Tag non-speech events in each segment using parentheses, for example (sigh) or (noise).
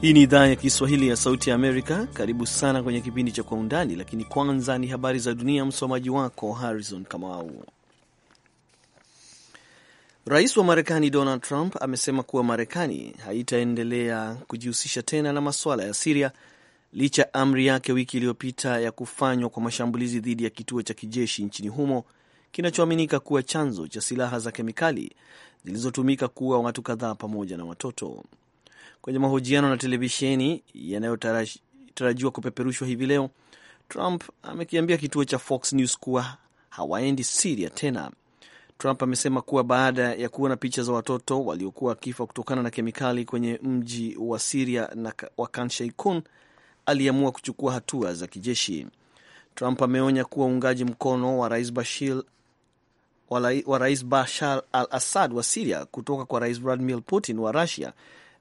Hii ni idhaa ya Kiswahili ya Sauti ya Amerika. Karibu sana kwenye kipindi cha Kwa Undani, lakini kwanza ni habari za dunia. Msomaji wako Harrison Kamau. Rais wa Marekani Donald Trump amesema kuwa Marekani haitaendelea kujihusisha tena na masuala ya Siria licha ya amri yake wiki iliyopita ya kufanywa kwa mashambulizi dhidi ya kituo cha kijeshi nchini humo kinachoaminika kuwa chanzo cha silaha za kemikali zilizotumika kuwa watu kadhaa pamoja na watoto. Kwenye mahojiano na televisheni yanayotarajiwa kupeperushwa hivi leo, Trump amekiambia kituo cha Fox News kuwa hawaendi Siria tena. Trump amesema kuwa baada ya kuona picha za watoto waliokuwa wakifa kutokana na kemikali kwenye mji wa Siria na wa Khan Sheikhoun, aliamua kuchukua hatua za kijeshi. Trump ameonya kuwa uungaji mkono wa rais Bashir wa rais Bashar al Assad wa Siria kutoka kwa rais Vladimir Putin wa Rusia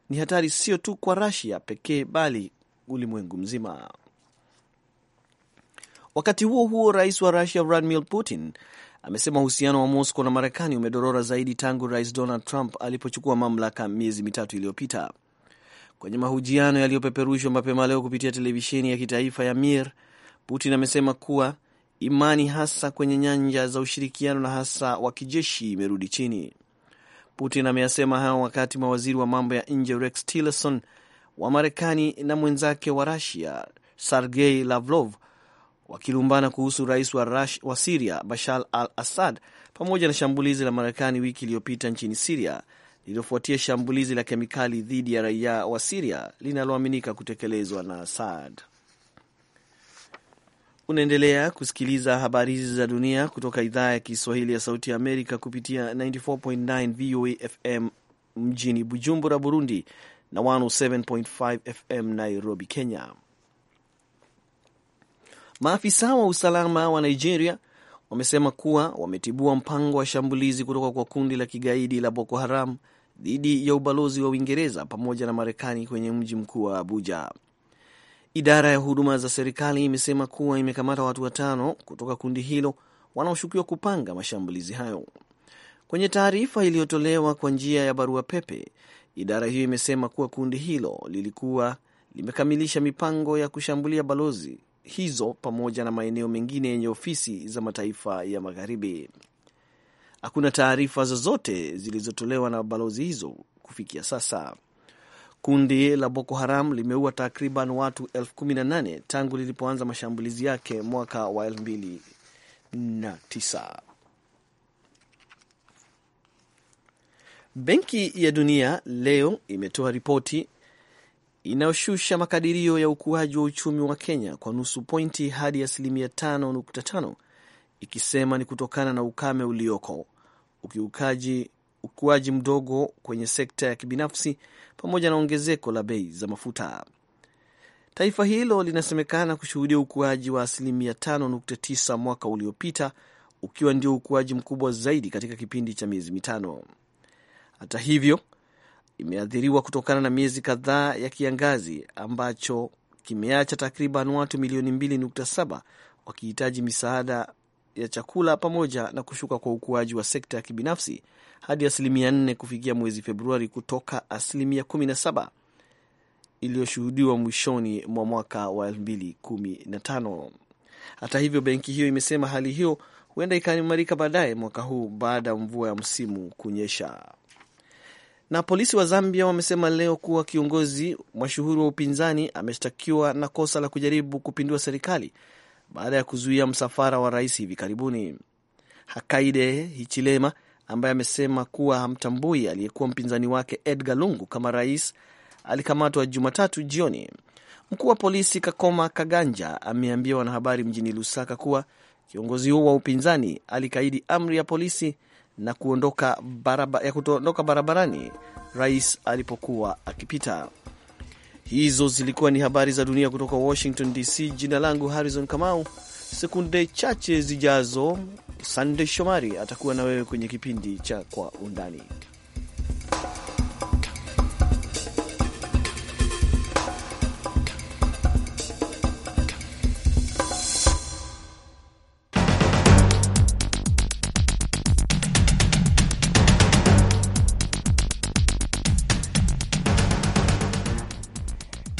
ni hatari sio tu kwa rasia pekee bali ulimwengu mzima. Wakati huo huo, rais wa rusia Vladimir Putin amesema uhusiano wa Moscow na Marekani umedorora zaidi tangu rais Donald Trump alipochukua mamlaka miezi mitatu iliyopita. Kwenye mahojiano yaliyopeperushwa mapema leo kupitia televisheni ya kitaifa ya Mir, Putin amesema kuwa imani hasa kwenye nyanja za ushirikiano na hasa wa kijeshi imerudi chini. Putin ameyasema hayo wakati mawaziri wa mambo ya nje Rex Tillerson wa Marekani na mwenzake wa Rusia Sergei Lavrov wakilumbana kuhusu rais wa, Rush, wa Siria Bashar al Assad pamoja na shambulizi la Marekani wiki iliyopita nchini Siria lililofuatia shambulizi la kemikali dhidi ya raia wa Siria linaloaminika kutekelezwa na Assad. Unaendelea kusikiliza habari hizi za dunia kutoka idhaa ya Kiswahili ya Sauti ya Amerika kupitia 94.9 VOA FM mjini Bujumbura, Burundi na 107.5 FM Nairobi, Kenya. Maafisa wa usalama wa Nigeria wamesema kuwa wametibua mpango wa shambulizi kutoka kwa kundi la kigaidi la Boko Haram dhidi ya ubalozi wa Uingereza pamoja na Marekani kwenye mji mkuu wa Abuja. Idara ya huduma za serikali imesema kuwa imekamata watu watano kutoka kundi hilo wanaoshukiwa kupanga mashambulizi hayo. Kwenye taarifa iliyotolewa kwa njia ya barua pepe, idara hiyo imesema kuwa kundi hilo lilikuwa limekamilisha mipango ya kushambulia balozi hizo pamoja na maeneo mengine yenye ofisi za mataifa ya magharibi. Hakuna taarifa zozote zilizotolewa na balozi hizo kufikia sasa. Kundi la Boko Haram limeua takriban watu elfu 18 tangu lilipoanza mashambulizi yake mwaka wa 29 Benki ya Dunia leo imetoa ripoti inayoshusha makadirio ya ukuaji wa uchumi wa Kenya kwa nusu pointi hadi asilimia 5.5 ikisema ni kutokana na ukame ulioko, ukiukaji ukuaji mdogo kwenye sekta ya kibinafsi pamoja na ongezeko la bei za mafuta. Taifa hilo linasemekana kushuhudia ukuaji wa asilimia 5.9 mwaka uliopita, ukiwa ndio ukuaji mkubwa zaidi katika kipindi cha miezi mitano. Hata hivyo, imeathiriwa kutokana na miezi kadhaa ya kiangazi ambacho kimeacha takriban watu milioni 2.7 wakihitaji misaada ya chakula pamoja na kushuka kwa ukuaji wa sekta ya kibinafsi hadi asilimia 4 kufikia mwezi Februari kutoka asilimia 17 iliyoshuhudiwa mwishoni mwa mwaka wa 2015. Hata hivyo, benki hiyo imesema hali hiyo huenda ikaimarika baadaye mwaka huu baada ya mvua ya msimu kunyesha. Na polisi wa Zambia wamesema leo kuwa kiongozi mashuhuri wa upinzani ameshtakiwa na kosa la kujaribu kupindua serikali baada ya kuzuia msafara wa rais hivi karibuni. Hakainde Hichilema ambaye amesema kuwa hamtambui aliyekuwa mpinzani wake Edgar Lungu kama rais alikamatwa Jumatatu jioni. Mkuu wa polisi Kakoma Kaganja ameambia wanahabari mjini Lusaka kuwa kiongozi huo wa upinzani alikaidi amri ya polisi na kuondoka baraba, ya kutoondoka barabarani rais alipokuwa akipita. Hizo zilikuwa ni habari za dunia kutoka Washington DC. Jina langu Harrison Kamau. Sekunde chache zijazo, Sandey Shomari atakuwa na wewe kwenye kipindi cha Kwa Undani.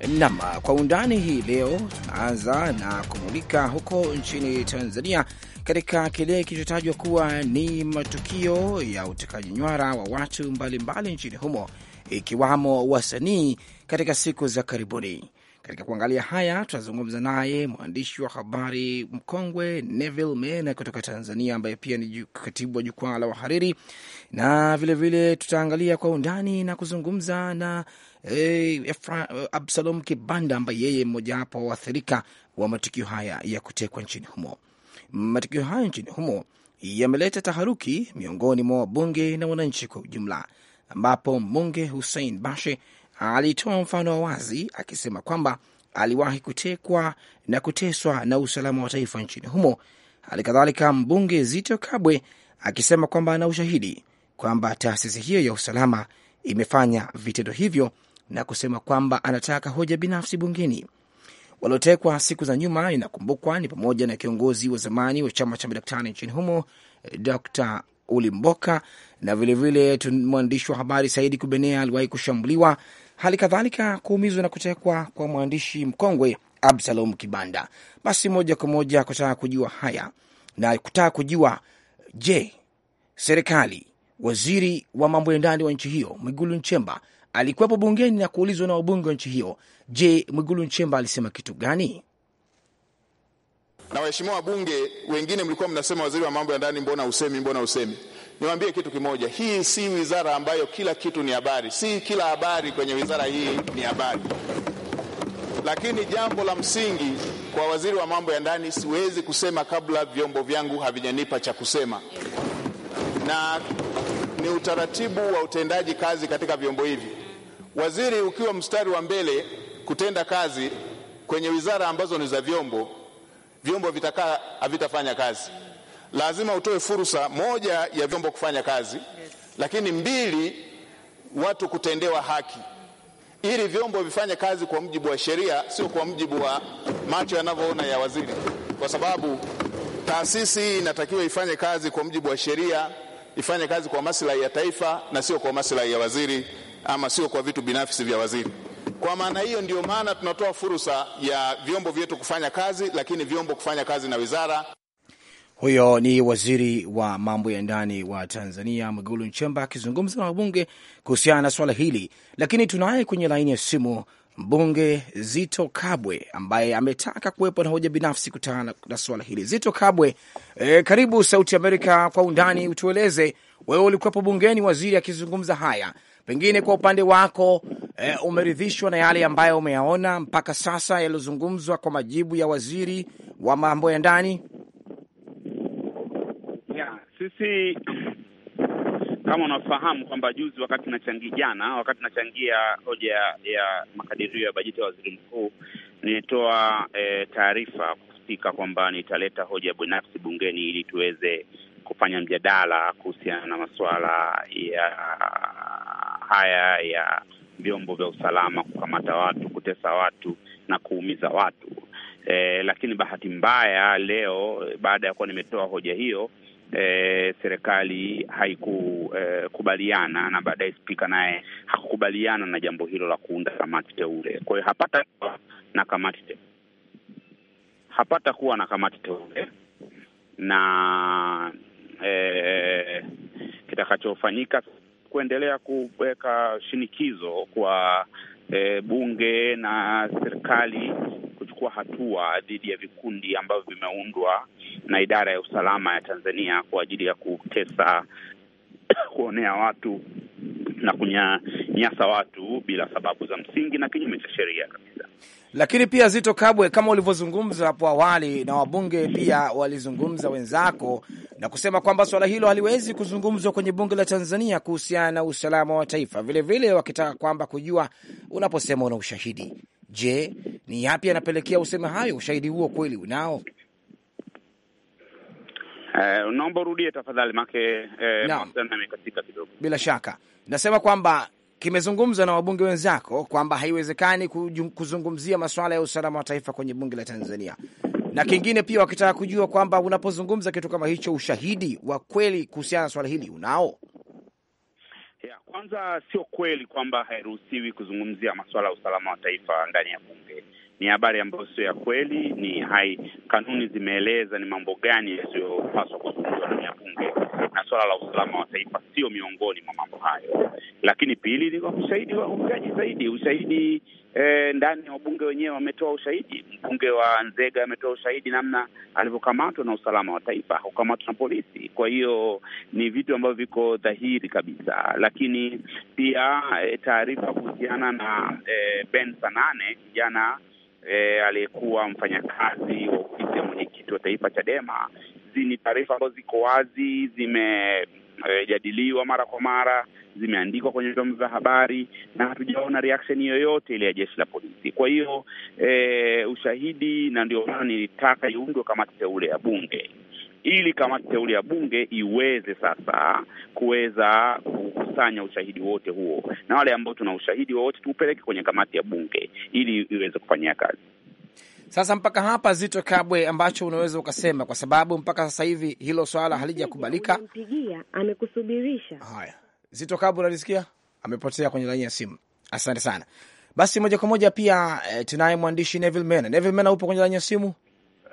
Nam kwa undani hii leo tunaanza na kumulika huko nchini Tanzania katika kile kilichotajwa kuwa ni matukio ya utekaji nywara wa watu mbalimbali mbali nchini humo ikiwamo wasanii katika siku za karibuni. Katika kuangalia haya, tutazungumza naye mwandishi wa habari mkongwe Neville Mena kutoka Tanzania, ambaye pia ni katibu wa jukwaa la wahariri, na vilevile tutaangalia kwa undani na kuzungumza na e, Absalom Kibanda ambaye yeye mmojawapo wa waathirika wa matukio haya ya kutekwa nchini humo. Matukio haya nchini humo yameleta taharuki miongoni mwa wabunge na wananchi kwa ujumla, ambapo mbunge Hussein Bashe alitoa mfano wa wazi akisema kwamba aliwahi kutekwa na kuteswa na usalama wa taifa nchini humo. Hali kadhalika mbunge Zito Kabwe akisema kwamba ana ushahidi kwamba taasisi hiyo ya usalama imefanya vitendo hivyo na kusema kwamba anataka hoja binafsi bungeni. Waliotekwa siku za nyuma, inakumbukwa ni pamoja na kiongozi wa zamani wa chama cha madaktari nchini humo Dr Ulimboka na vilevile mwandishi wa habari Saidi Kubenea aliwahi kushambuliwa hali kadhalika kuumizwa na kutekwa kwa mwandishi mkongwe Absalom Kibanda. Basi moja kwa moja kutaka kujua haya na kutaka kujua je, serikali, waziri wa mambo ya ndani wa nchi hiyo Mwigulu Nchemba alikuwepo bungeni na kuulizwa na wabunge wa nchi hiyo. Je, Mwigulu Nchemba alisema kitu gani? Na waheshimiwa wabunge wengine mlikuwa mnasema, waziri wa mambo ya ndani, mbona usemi, mbona usemi Niwaambie kitu kimoja, hii si wizara ambayo kila kitu ni habari. Si kila habari kwenye wizara hii ni habari, lakini jambo la msingi kwa waziri wa mambo ya ndani, siwezi kusema kabla vyombo vyangu havijanipa cha kusema, na ni utaratibu wa utendaji kazi katika vyombo hivi. Waziri ukiwa mstari wa mbele kutenda kazi kwenye wizara ambazo ni za vyombo, vyombo vitakaa havitafanya kazi lazima utoe fursa moja ya vyombo kufanya kazi yes. Lakini mbili, watu kutendewa haki ili vyombo vifanye kazi kwa mujibu wa sheria, sio kwa mujibu wa macho yanavyoona ya waziri, kwa sababu taasisi hii inatakiwa ifanye kazi kwa mujibu wa sheria, ifanye kazi kwa maslahi ya taifa na sio kwa maslahi ya waziri ama sio kwa vitu binafsi vya waziri. Kwa maana hiyo, ndio maana tunatoa fursa ya vyombo vyetu kufanya kazi, lakini vyombo kufanya kazi na wizara huyo ni waziri wa mambo ya ndani wa Tanzania, Mwigulu Nchemba, akizungumza na wabunge kuhusiana na swala hili. Lakini tunaye kwenye laini ya simu mbunge Zito Kabwe ambaye ametaka kuwepo na hoja binafsi kutana na swala hili. Zito Kabwe, e, karibu Sauti Amerika kwa undani. Utueleze wewe, ulikuwepo bungeni waziri akizungumza haya, pengine kwa upande wako e, umeridhishwa na yale ambayo umeyaona mpaka sasa yaliyozungumzwa kwa majibu ya waziri wa mambo ya ndani? sisi kama unafahamu kwamba juzi wakati nachangia jana, wakati nachangia hoja ya makadirio ya bajeti ya waziri mkuu, nilitoa e, taarifa kufika kwamba nitaleta hoja binafsi bungeni ili tuweze kufanya mjadala kuhusiana na masuala ya haya ya vyombo vya usalama kukamata watu, kutesa watu na kuumiza watu. E, lakini bahati mbaya leo baada ya kuwa nimetoa hoja hiyo e, serikali haikukubaliana eh, e, na baadaye spika naye hakukubaliana na jambo hilo la kuunda kamati teule. Kwa hiyo hapata na kamati teule, hapata kuwa na kamati teule na e, kitakachofanyika kuendelea kuweka shinikizo kwa e, bunge na serikali kuchukua hatua dhidi ya vikundi ambavyo vimeundwa na idara ya usalama ya Tanzania kwa ajili ya kutesa, (coughs) kuonea watu na kunyanyasa watu bila sababu za msingi na kinyume cha sheria kabisa. Lakini pia Zito Kabwe, kama ulivyozungumza hapo awali, na wabunge pia walizungumza wenzako na kusema kwamba suala hilo haliwezi kuzungumzwa kwenye bunge la Tanzania kuhusiana na usalama wa taifa, vilevile wakitaka kwamba kujua unaposema una ushahidi Je, ni yapi yanapelekea useme hayo? Ushahidi huo kweli unao? Uh, naomba urudie tafadhali, make eh, amekatika kidogo. Bila shaka nasema kwamba kimezungumzwa na wabunge wenzako kwamba haiwezekani kuzungumzia masuala ya usalama wa taifa kwenye bunge la Tanzania, na kingine pia wakitaka kujua kwamba unapozungumza kitu kama hicho, ushahidi wa kweli kuhusiana na swala hili unao? Ya kwanza, sio kweli kwamba hairuhusiwi kuzungumzia masuala ya usalama wa taifa ndani ya bunge ni habari ambayo sio ya kweli, ni hai. Kanuni zimeeleza ni mambo gani yasiyopaswa kuzungumzwa ya bunge na suala la usalama wa taifa sio miongoni mwa mambo hayo. Lakini pili ni kwa ushahidi wa ujaji zaidi, ushahidi eh, ndani ya wabunge wenyewe wametoa ushahidi. Mbunge wa Nzega ametoa ushahidi namna alivyokamatwa na usalama wa taifa, kukamatwa na polisi. Kwa hiyo ni vitu ambavyo viko dhahiri kabisa, lakini pia eh, taarifa kuhusiana na eh, Ben Sanane kijana e, aliyekuwa mfanyakazi wa ofisi ya mwenyekiti wa taifa Chadema. Hizi ni taarifa ambazo ziko wazi, zimejadiliwa e, mara kwa mara, zimeandikwa kwenye vyombo vya habari na hatujaona reaction yoyote ile ya jeshi la polisi. Kwa hiyo e, ushahidi, na ndio maana nilitaka iundwe kamati teule ya bunge ili kamati teule ya bunge iweze sasa kuweza kukusanya ushahidi wote huo na wale ambao tuna ushahidi wowote tuupeleke kwenye kamati ya bunge ili iweze kufanyia kazi. Sasa mpaka hapa, Zito Kabwe, ambacho unaweza ukasema, kwa sababu mpaka sasa hivi hilo swala halijakubalika. Mpigia amekusubirisha. Haya, Zito Kabwe, unalisikia? Amepotea kwenye laini ya simu. Asante sana. Basi moja kwa moja pia, eh, tunaye mwandishi Neville Mena. Neville Mena, upo kwenye laini ya simu?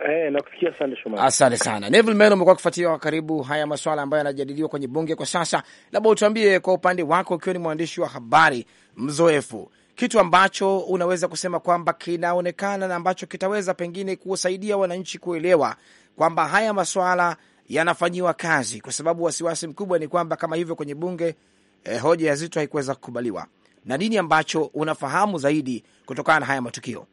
Eh, nakusikia Asante sana. Neville Meno umekuwa ukifuatia kwa karibu haya masuala ambayo yanajadiliwa kwenye bunge kwa sasa. Labda utuambie kwa upande wako ukiwa ni mwandishi wa habari mzoefu, kitu ambacho unaweza kusema kwamba kinaonekana na ambacho kitaweza pengine kuwasaidia wananchi kuelewa kwamba haya masuala yanafanyiwa kazi, kwa sababu wasiwasi mkubwa ni kwamba kama hivyo kwenye bunge eh, hoja ya Zito haikuweza kukubaliwa. Na nini ambacho unafahamu zaidi kutokana na haya matukio?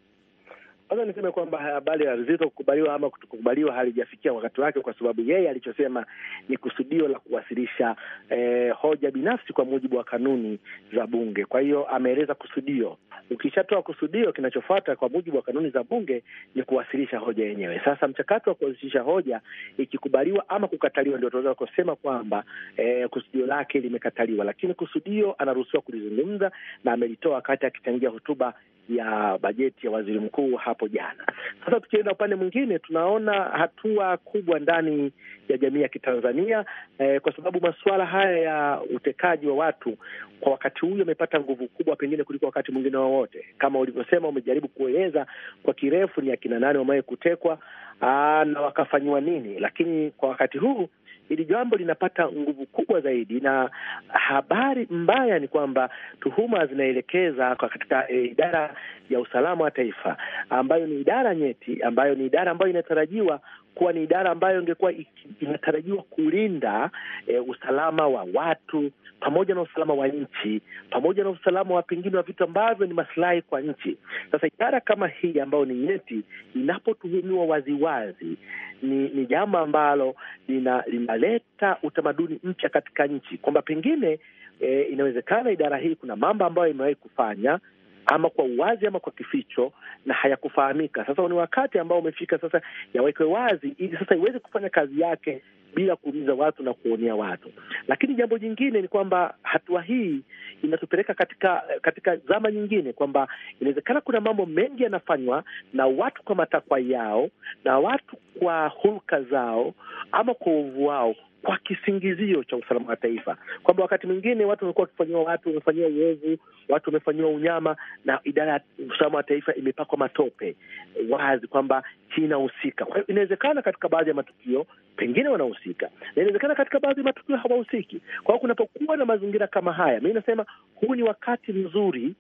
Kwanza niseme kwamba habari ya Zito kukubaliwa ama kutokubaliwa halijafikia wakati wake, kwa sababu yeye alichosema ni kusudio la kuwasilisha eh, hoja binafsi kwa mujibu wa kanuni za Bunge. Kwa hiyo ameeleza kusudio. Ukishatoa kusudio, kinachofuata kwa mujibu wa kanuni za Bunge ni kuwasilisha hoja yenyewe. Sasa mchakato wa kuwasilisha hoja ikikubaliwa ama kukataliwa, ndio tunaweza kusema kwamba eh, kusudio lake limekataliwa, lakini kusudio anaruhusiwa kulizungumza na amelitoa wakati akichangia hotuba ya bajeti ya waziri mkuu hapo jana. Sasa tukienda upande mwingine, tunaona hatua kubwa ndani ya jamii ya Kitanzania eh, kwa sababu masuala haya ya utekaji wa watu kwa wakati huu yamepata nguvu kubwa pengine kuliko wakati mwingine wowote. Kama ulivyosema, umejaribu kueleza kwa kirefu ni akina nani wamewahi kutekwa aa, na wakafanyiwa nini, lakini kwa wakati huu hili jambo linapata nguvu kubwa zaidi, na habari mbaya ni kwamba tuhuma zinaelekeza kwa katika e, idara ya usalama wa taifa ambayo ni idara nyeti, ambayo ni idara ambayo inatarajiwa kuwa ni idara ambayo ingekuwa inatarajiwa kulinda e, usalama wa watu pamoja na usalama wa nchi pamoja na usalama wa pengine wa vitu ambavyo ni masilahi kwa nchi. Sasa idara kama hii ambayo ni nyeti inapotuhumiwa waziwazi, ni, ni jambo ambalo linaleta utamaduni mpya katika nchi kwamba pengine e, inawezekana idara hii kuna mambo ambayo imewahi kufanya ama kwa uwazi ama kwa kificho, na hayakufahamika. Sasa ni wakati ambao umefika sasa yawekwe wazi, ili sasa iweze kufanya kazi yake bila kuumiza watu na kuonea watu. Lakini jambo jingine ni kwamba hatua hii inatupeleka katika katika zama nyingine, kwamba inawezekana kuna mambo mengi yanafanywa na watu kwa matakwa yao na watu kwa hulka zao ama kwa uovu wao kwa kisingizio cha usalama wa taifa, kwamba wakati mwingine watu wamekuwa wakifanyiwa, watu wamefanyiwa uovu, watu wamefanyiwa unyama, na idara ya usalama wa taifa imepakwa matope wazi kwamba kinahusika. inahusika. Kwa hiyo inawezekana katika baadhi ya matukio pengine wanahusika, na inawezekana katika baadhi ya matukio hawahusiki. Kwa hiyo kunapokuwa na mazingira kama haya, mi nasema huu ni wakati mzuri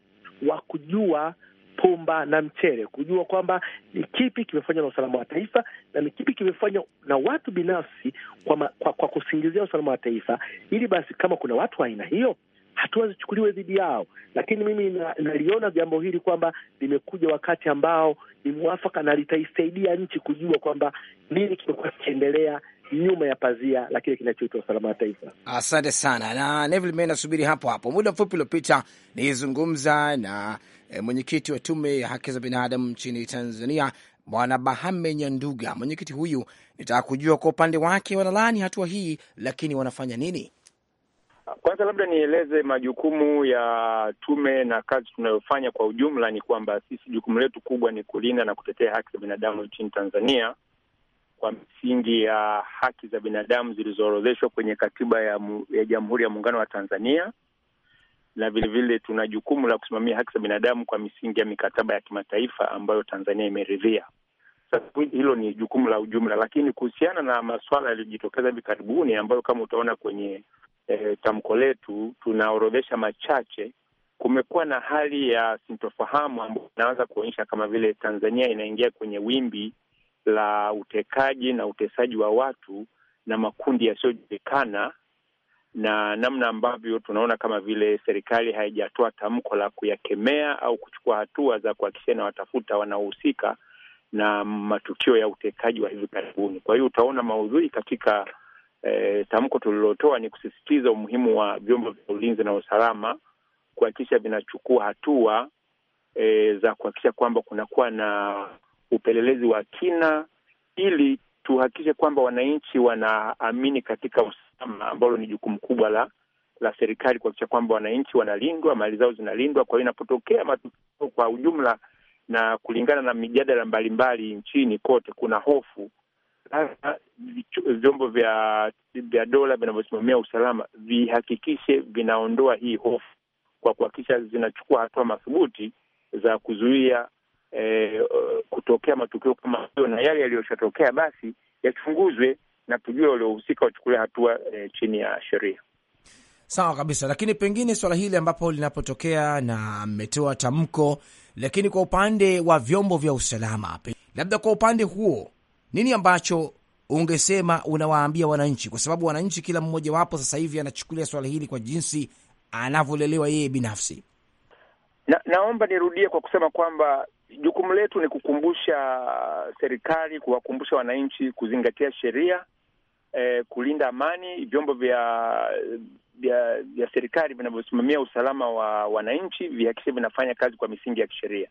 wa kujua pumba na mchele, kujua kwamba ni kipi kimefanywa na usalama wa taifa na ni kipi kimefanywa na watu binafsi kwa, ma, kwa, kwa kusingizia usalama wa taifa, ili basi kama kuna watu wa aina hiyo hatua zichukuliwe dhidi yao. Lakini mimi na, naliona jambo hili kwamba limekuja wakati ambao ni mwafaka na litaisaidia nchi kujua kwamba nini kimekuwa kikiendelea nyuma ya pazia la kile kinachoitwa usalama wa taifa. Asante sana. Na Neville Mena, nasubiri hapo hapo. Muda mfupi uliopita nilizungumza na e, mwenyekiti wa tume ya haki za binadamu nchini Tanzania Bwana Bahame Nyanduga. Mwenyekiti huyu, nitaka kujua kwa upande wake wanalaani hatua hii, lakini wanafanya nini? Kwanza labda nieleze majukumu ya tume na kazi tunayofanya kwa ujumla. Ni kwamba sisi jukumu letu kubwa ni kulinda na kutetea haki za binadamu nchini Tanzania, kwa misingi ya haki za binadamu zilizoorodheshwa kwenye katiba ya, ya Jamhuri ya Muungano wa Tanzania, na vilevile tuna jukumu la kusimamia haki za binadamu kwa misingi ya mikataba ya kimataifa ambayo Tanzania imeridhia. Sasa hilo ni jukumu la ujumla, lakini kuhusiana na masuala yaliyojitokeza hivi karibuni ambayo kama utaona kwenye eh, tamko letu tunaorodhesha machache, kumekuwa na hali ya sintofahamu ambayo inaweza kuonyesha kama vile Tanzania inaingia kwenye wimbi la utekaji na utesaji wa watu na makundi yasiyojulikana na namna ambavyo tunaona kama vile serikali haijatoa tamko la kuyakemea au kuchukua hatua za kuhakikisha na watafuta wanaohusika na matukio ya utekaji wa hivi karibuni. Kwa hiyo utaona maudhui katika eh, tamko tulilotoa ni kusisitiza umuhimu wa vyombo vya ulinzi na usalama kuhakikisha vinachukua hatua eh, za kuhakikisha kwamba kunakuwa na upelelezi wa kina ili tuhakikishe kwamba wananchi wanaamini katika usalama, ambalo ni jukumu kubwa la la serikali kuhakikisha kwamba wananchi wanalindwa, mali zao zinalindwa. Kwa hiyo inapotokea matukio kwa ujumla, na kulingana na mijadala mbalimbali nchini kote, kuna hofu vyombo vya vya dola vinavyosimamia usalama vihakikishe vinaondoa hii hofu kwa kuhakikisha zinachukua hatua mathubuti za kuzuia E, kutokea matukio kama hayo na yale yaliyoshatokea basi yachunguzwe na tujue waliohusika wachukulia hatua e, chini ya sheria. Sawa kabisa, lakini pengine swala hili ambapo linapotokea na mmetoa tamko, lakini kwa upande wa vyombo vya usalama, labda kwa upande huo, nini ambacho ungesema unawaambia wananchi? Kwa sababu wananchi, kila mmoja wapo sasa hivi anachukulia swala hili kwa jinsi anavyolelewa yeye binafsi. Na, naomba nirudie kwa kusema kwamba Jukumu letu ni kukumbusha serikali, kuwakumbusha wananchi kuzingatia sheria eh, kulinda amani, vyombo vya vya, vya serikali vinavyosimamia usalama wa wananchi vihakikishe vinafanya kazi kwa misingi ya kisheria.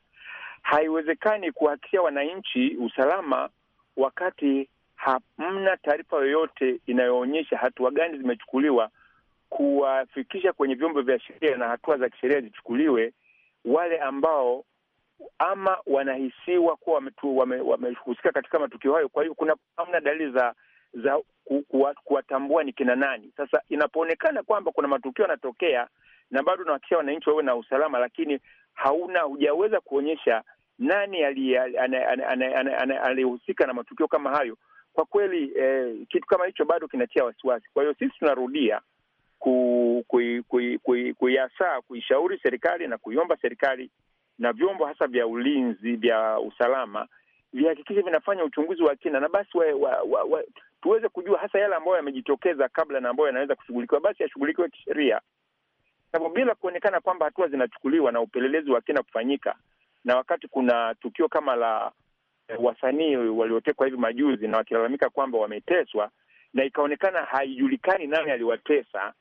Haiwezekani kuhakikisha wananchi usalama wakati hamna taarifa yoyote inayoonyesha hatua gani zimechukuliwa kuwafikisha kwenye vyombo vya sheria na hatua za kisheria zichukuliwe wale ambao ama wanahisiwa kuwa wamehusika wame, wame katika matukio hayo. Kwa hiyo kuna namna dalili za za kuwatambua ni kina nani. Sasa inapoonekana kwamba kuna matukio yanatokea na bado unahakikisha wananchi wawe na usalama, lakini hauna hujaweza kuonyesha nani aliyehusika na matukio kama hayo, kwa kweli eh, kitu kama hicho bado kinatia wasiwasi. Kwa hiyo sisi tunarudia kuiasaa kui, kui, kui, kuishauri serikali na kuiomba serikali na vyombo hasa vya ulinzi vya usalama vihakikishe vinafanya uchunguzi wa kina, na basi wa, wa, wa, wa, tuweze kujua hasa yale ambayo yamejitokeza kabla na ambayo yanaweza kushughulikiwa, basi yashughulikiwe kisheria, sababu bila kuonekana kwamba hatua zinachukuliwa na upelelezi wa kina kufanyika, na wakati kuna tukio kama la eh, wasanii waliotekwa hivi majuzi na wakilalamika kwamba wameteswa na ikaonekana haijulikani nani aliwatesa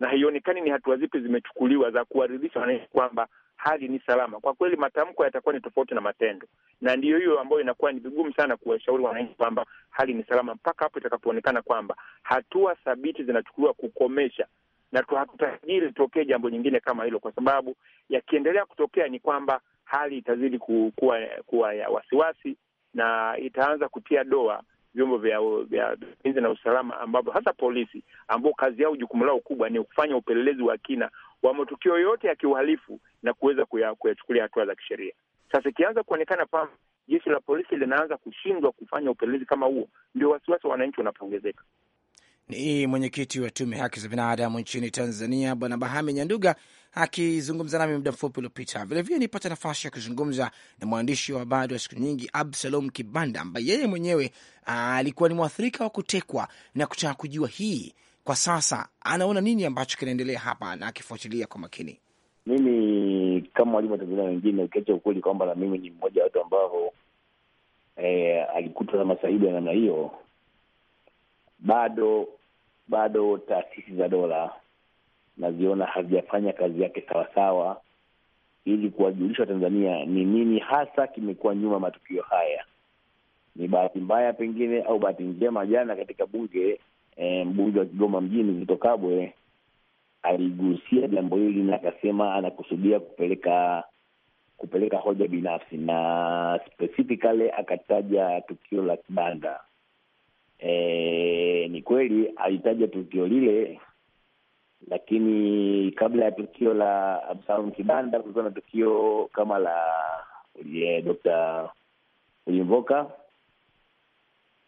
na haionekani ni hatua zipi zimechukuliwa za kuwaridhisha wananchi kwamba hali ni salama. Kwa kweli, matamko yatakuwa ni tofauti na matendo, na ndiyo hiyo ambayo inakuwa ni vigumu sana kuwashauri wananchi kwamba hali ni salama mpaka hapo itakapoonekana kwamba hatua thabiti zinachukuliwa kukomesha, na hatutarajii litokee jambo nyingine kama hilo, kwa sababu yakiendelea kutokea ni kwamba hali itazidi kuwa, kuwa ya wasiwasi na itaanza kutia doa vyombo vya ulinzi na usalama, ambapo hasa polisi ambao kazi yao jukumu lao kubwa ni kufanya upelelezi wa kina wa matukio yote ya kiuhalifu na kuweza kuyachukulia hatua za kisheria. Sasa ikianza kuonekana kwamba jeshi la polisi linaanza kushindwa kufanya upelelezi kama huo, ndio wasiwasi wa wananchi wanapoongezeka. Ni mwenyekiti wa tume haki za binadamu nchini Tanzania, Bwana Bahame Nyanduga akizungumza nami muda mfupi uliopita. Vilevile nipata nafasi ya kuzungumza na mwandishi wa habari wa siku nyingi Absalom Kibanda, ambaye yeye mwenyewe ah, alikuwa ni mwathirika wa kutekwa na kutaka kujua hii kwa sasa anaona nini ambacho kinaendelea hapa na akifuatilia kwa makini. Mimi kama walimu watanzania wengine, ukiacha ukweli kwamba na mimi ni mmoja wa watu ambao eh, alikutwa na masaibu ya namna hiyo, bado bado taasisi za dola naziona hazijafanya kazi yake sawasawa, ili kuwajulisha Watanzania ni nini hasa kimekuwa nyuma matukio haya. Ni bahati mbaya pengine au bahati njema, jana katika bunge e, mbunge wa Kigoma mjini Zitto Kabwe aligusia jambo hili na akasema anakusudia kupeleka kupeleka hoja binafsi na specifically akataja tukio la Kibanda E, ni kweli alitaja tukio lile, lakini kabla ya tukio la Absalom Kibanda kulikuwa na tukio kama la Dr. Ulimvoka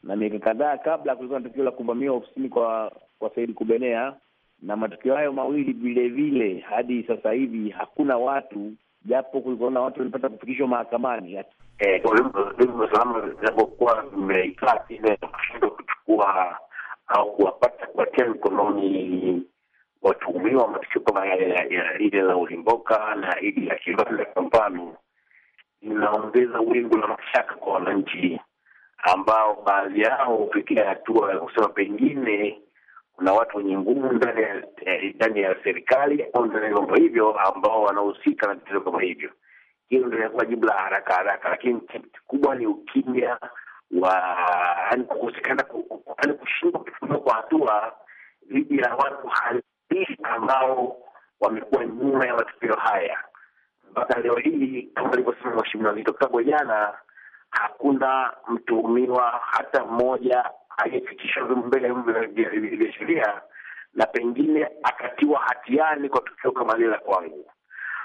na miaka kadhaa kabla kulikuwa na tukio la kuvamiwa ofisini kwa kwa Said Kubenea, na matukio hayo mawili vile vile hadi sasa hivi hakuna watu, japo kulikuwa na watu walipata kufikishwa mahakamani, Eh, kwa hivyo usalama zinapokuwa vimeikaa vile kushindwa kuchukua au kuwapata kuwatia mikononi watuhumiwa matukio kama ile la Ulimboka na ili ya Kibanda kwa mfano, inaongeza wingu la mashaka kwa wananchi ambao baadhi yao hufikia hatua ya kusema pengine kuna watu wenye nguvu ndani ya eh, serikali au ndani ya vyombo hivyo ambao wanahusika na vitendo kama hivyo hilo ndio inakuwa jibu la haraka haraka, lakini kikubwa ni ukimya wa yani kukosekana, yani kushindwa kuchukuliwa kwa hatua dhidi ya watu halisi ambao wamekuwa nyuma ya matukio haya mpaka leo hii. Kama alivyosema Mheshimiwa Zitto Kabwe jana, hakuna mtuhumiwa hata mmoja aliyefikishwa mbele vya sheria na pengine akatiwa hatiani kwa tukio kama lile la kwangu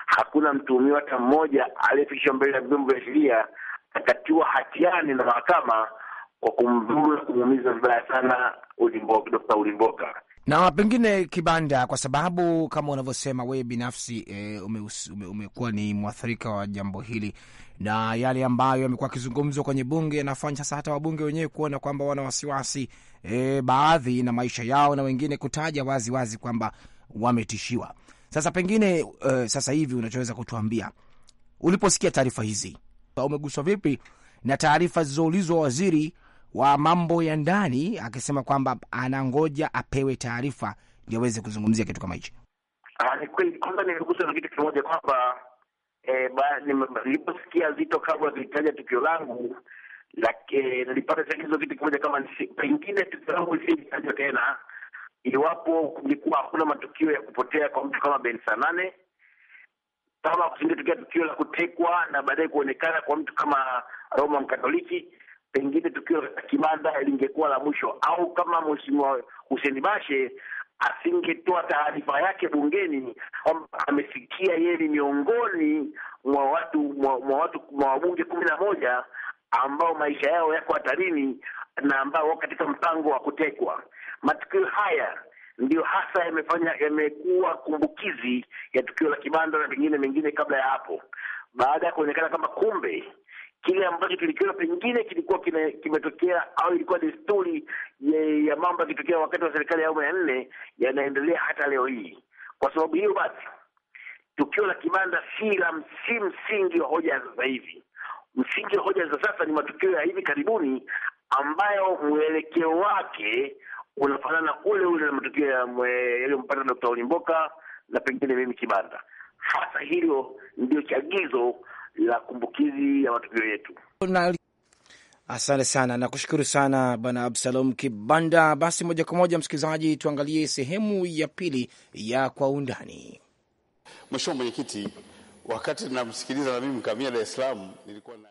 hakuna mtuhumiwa hata mmoja aliyefikishwa mbele ya vyombo vya sheria akatiwa hatiani na mahakama kwa kumdhuru na kumuumiza vibaya sana Ulimboka, Dokta Ulimboka na pengine Kibanda, kwa sababu kama unavyosema wewe binafsi e, eh, umekuwa ume, ume ni mwathirika wa jambo hili na yale ambayo yamekuwa akizungumzwa kwenye bunge yanafanya sasa hata wabunge wenyewe kuona kwamba wana wasiwasi e, baadhi na maisha yao, na wengine kutaja waziwazi kwamba wametishiwa. Sasa pengine uh, sasa hivi unachoweza kutuambia, uliposikia taarifa hizi, umeguswa vipi na taarifa zilizoulizwa waziri wa mambo ya ndani akisema kwamba anangoja apewe taarifa ndio aweze kuzungumzia kitu kama hichi? Ah, ni kweli. Kwanza nimeguswa na kitu kimoja kwamba eh, niliposikia Zito kabla kulitaja tukio langu eh, nilipata chagizo kitu kimoja kama pengine tukio langu lisitajwa tena iwapo kulikuwa hakuna matukio ya kupotea kwa mtu kama Ben Sanane, kama kusingetokea tukio la kutekwa na baadaye kuonekana kwa mtu kama Roma Mkatoliki, pengine tukio la Kimanda lingekuwa la mwisho, au kama Mheshimiwa Hussein Bashe asingetoa taarifa yake bungeni kwamba amesikia yeye ni miongoni mwa watu mwa watu mwa wabunge kumi na moja ambao maisha yao yako hatarini na ambao katika mpango wa kutekwa. Matukio haya ndio hasa yamefanya yamekuwa kumbukizi ya tukio la Kibanda na pengine mengine kabla ya hapo, baada ya kuonekana kama kumbe kile ambacho kilikiwa pengine kilikuwa kimetokea au ilikuwa desturi ya, ya mambo yakitokea wakati wa serikali ya awamu ya nne yanaendelea hata leo hii. Kwa sababu hiyo basi, tukio la Kibanda si la si msingi wa hoja za sasa hivi. Msingi wa hoja za sasa ni matukio ya hivi karibuni ambayo mwelekeo wake unafanana ule ule na matukio yaliyompata Dr. Olimboka na pengine mimi Kibanda. Hasa hilo ndio chagizo la kumbukizi ya matukio yetu. Asante sana, nakushukuru sana Bwana Absalom Kibanda. Basi moja kwa moja, msikilizaji, tuangalie sehemu ya pili ya Kwa Undani. Mheshimiwa Mwenyekiti, wakati namsikiliza na mimi mkamia Dar es Salaam nilikuwa na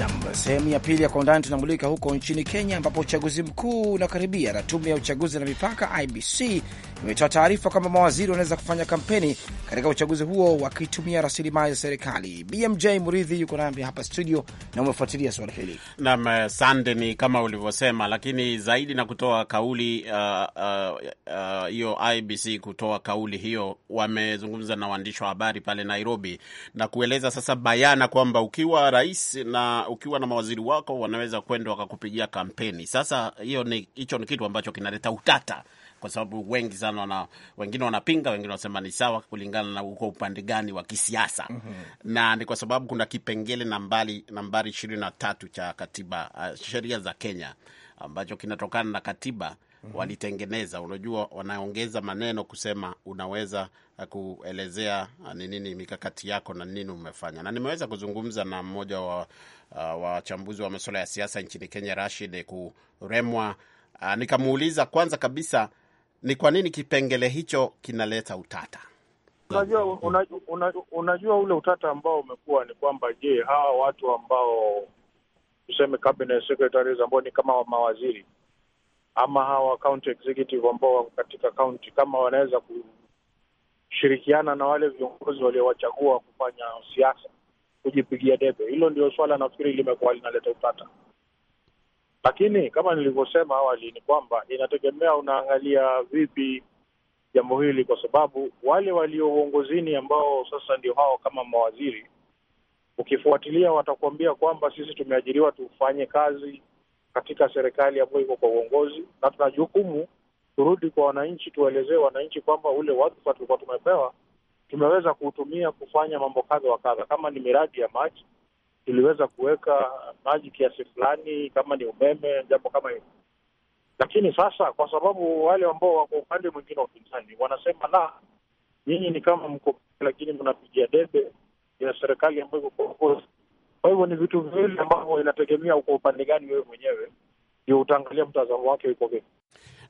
Nam, sehemu ya pili ya kwa undani tunamulika huko nchini Kenya, ambapo uchaguzi mkuu unakaribia na tume ya uchaguzi na mipaka IBC imetoa taarifa kwamba mawaziri wanaweza kufanya kampeni katika uchaguzi huo wakitumia rasilimali za serikali. BMJ Muridhi yuko nami hapa studio na umefuatilia suala hili. Nam, sande, ni kama ulivyosema, lakini zaidi na kutoa kauli hiyo, uh, uh, uh, IBC kutoa kauli hiyo, wamezungumza na waandishi wa habari pale Nairobi na kueleza sasa bayana kwamba ukiwa rais na ukiwa na mawaziri wako wanaweza kwenda wakakupigia kampeni. Sasa hiyo ni hicho ni kitu ambacho kinaleta utata, kwa sababu wengi sana wana, wengine wanapinga, wengine wanasema ni sawa, kulingana na uko upande gani wa kisiasa mm -hmm. na ni kwa sababu kuna kipengele nambari nambari ishirini na tatu cha katiba uh, sheria za Kenya ambacho kinatokana na katiba -hmm. walitengeneza. Unajua, wanaongeza maneno kusema unaweza uh, kuelezea uh, ni nini mikakati yako na nini umefanya, na nimeweza kuzungumza na mmoja wa uh, wachambuzi wa, wa masuala ya siasa nchini Kenya, Rashid Kuremwa. Nikamuuliza kwanza kabisa ni kwa nini kipengele hicho kinaleta utata. Unajua, mm-hmm. unajua, unajua, unajua ule utata ambao umekuwa ni kwamba, je, hawa watu ambao tuseme cabinet secretaries ambao ni kama mawaziri ama hawa county executive ambao wako katika kaunti, kama wanaweza kushirikiana na wale viongozi waliowachagua kufanya siasa, kujipigia debe. Hilo ndio swala nafikiri limekuwa linaleta utata, lakini kama nilivyosema awali ni kwamba inategemea unaangalia vipi jambo hili, kwa sababu wale walio uongozini ambao sasa ndio hao kama mawaziri, ukifuatilia watakuambia kwamba sisi tumeajiriwa tufanye kazi katika serikali ambayo iko kwa uongozi, na tuna jukumu turudi kwa wananchi, tuwaelezee wananchi kwamba ule wadhifa tulikuwa tumepewa tumeweza kuutumia kufanya mambo kadha wa kadha. Kama ni miradi ya maji, tuliweza kuweka maji kiasi fulani, kama ni umeme, jambo kama hivyo. Lakini sasa kwa sababu wale ambao wako upande mwingine wa upinzani wanasema, la, nyinyi ni kama mko, lakini mnapigia debe ya serikali ambayo iko kwa uongozi kwa hivyo ni vitu viwili ambavyo inategemea uko upande gani wewe mwenyewe, ndio utaangalia mtazamo wake uko vipi.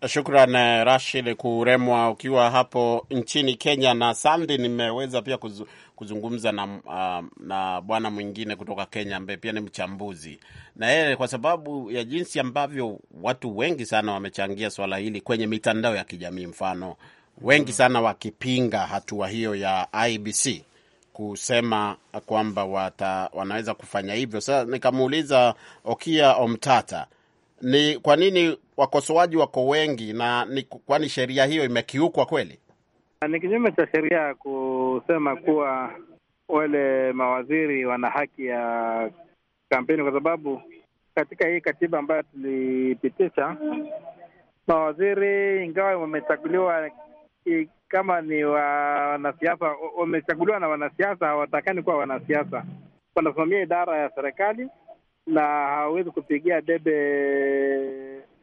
Shukran eh, Rashid Kuremwa, ukiwa hapo nchini Kenya. Na Sandi, nimeweza pia kuzu, kuzungumza na, uh, na bwana mwingine kutoka Kenya ambaye pia ni mchambuzi, na yeye kwa sababu ya jinsi ambavyo watu wengi sana wamechangia swala hili kwenye mitandao ya kijamii, mfano wengi mm. sana wakipinga hatua hiyo ya IBC kusema kwamba wata, wanaweza kufanya hivyo. Sasa nikamuuliza Okia Omtata ni kwa nini wakosoaji wako wengi na ni kwani sheria hiyo imekiukwa kweli? Ni kinyume cha sheria ya kusema kuwa wale mawaziri wana haki ya kampeni, kwa sababu katika hii katiba ambayo tulipitisha mawaziri ingawa wamechaguliwa kama ni wanasiasa wamechaguliwa na wanasiasa, hawatakani kuwa wanasiasa, wanasimamia idara ya serikali na hawawezi kupigia debe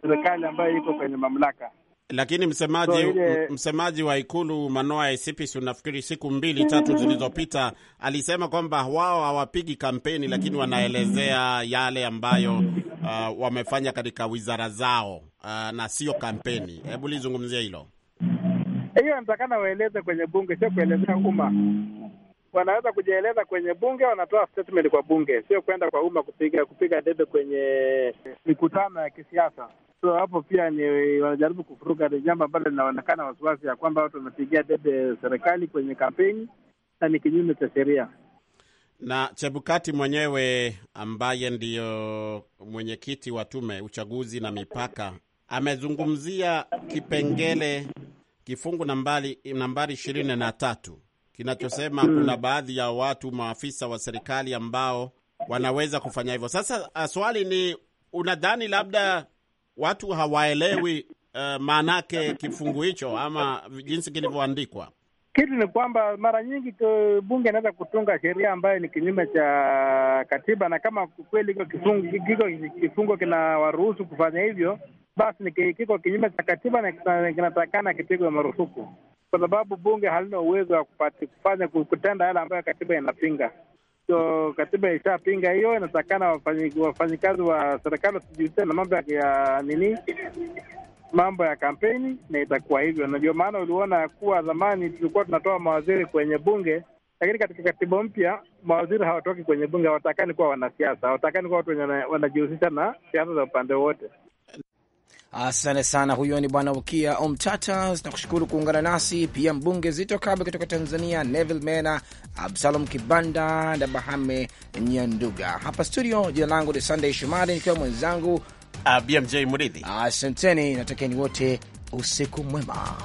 serikali ambayo iko kwenye mamlaka. Lakini msemaji so, ile... msemaji wa ikulu Manoa Esipis, unafikiri siku mbili mm-hmm. tatu zilizopita alisema kwamba wao hawapigi kampeni, lakini wanaelezea yale ambayo uh, wamefanya katika wizara zao uh, na sio kampeni. Hebu lizungumzia hilo hiyo anatakana waeleze kwenye bunge, sio kuelezea umma. Wanaweza kujieleza kwenye bunge, wanatoa statement kwa bunge, sio kwenda kwa umma kupiga kupiga debe kwenye mikutano ya kisiasa. So hapo pia ni wanajaribu kufuruga, ni jambo ambalo linaonekana wasiwasi ya kwamba watu wamepigia debe serikali kwenye kampeni na ni kinyume cha sheria. Na Chebukati mwenyewe ambaye ndiyo mwenyekiti wa tume uchaguzi na mipaka amezungumzia kipengele kifungu nambari nambari ishirini na tatu kinachosema mm, kuna baadhi ya watu maafisa wa serikali ambao wanaweza kufanya hivyo. Sasa ah, swali ni unadhani labda watu hawaelewi uh, maanake kifungu hicho ama jinsi kilivyoandikwa? Kitu ni kwamba mara nyingi bunge inaweza kutunga sheria ambayo ni kinyume cha katiba, na kama kweli hiko kifungu kinawaruhusu kufanya hivyo, basi kiko kinyume cha katiba na kinatakana kipigwe marufuku, kwa sababu bunge halina uwezo wa kufanya kutenda yale ambayo katiba inapinga. So katiba ishapinga hiyo, inatakana wafanyikazi wa serikali wasijihusishe na mambo ya nini, mambo ya kampeni, na itakuwa hivyo. Na ndio maana uliona kuwa zamani tulikuwa tunatoa mawaziri kwenye bunge, lakini katika katiba mpya mawaziri hawatoki kwenye bunge, hawatakani kuwa wanasiasa, hawatakani kuwa watu wenye wanajihusisha na siasa za upande wote Asante sana, huyo ni bwana Ukia Omtata. Tunakushukuru kuungana nasi pia, mbunge Zito kabe kutoka Tanzania, Neville Mena, Absalom Kibanda na Bahame Nyanduga. Hapa studio, jina langu ni Sunday Shomari nikiwa mwenzangu ah, BMJ Muridhi. Asanteni, natakieni wote usiku mwema.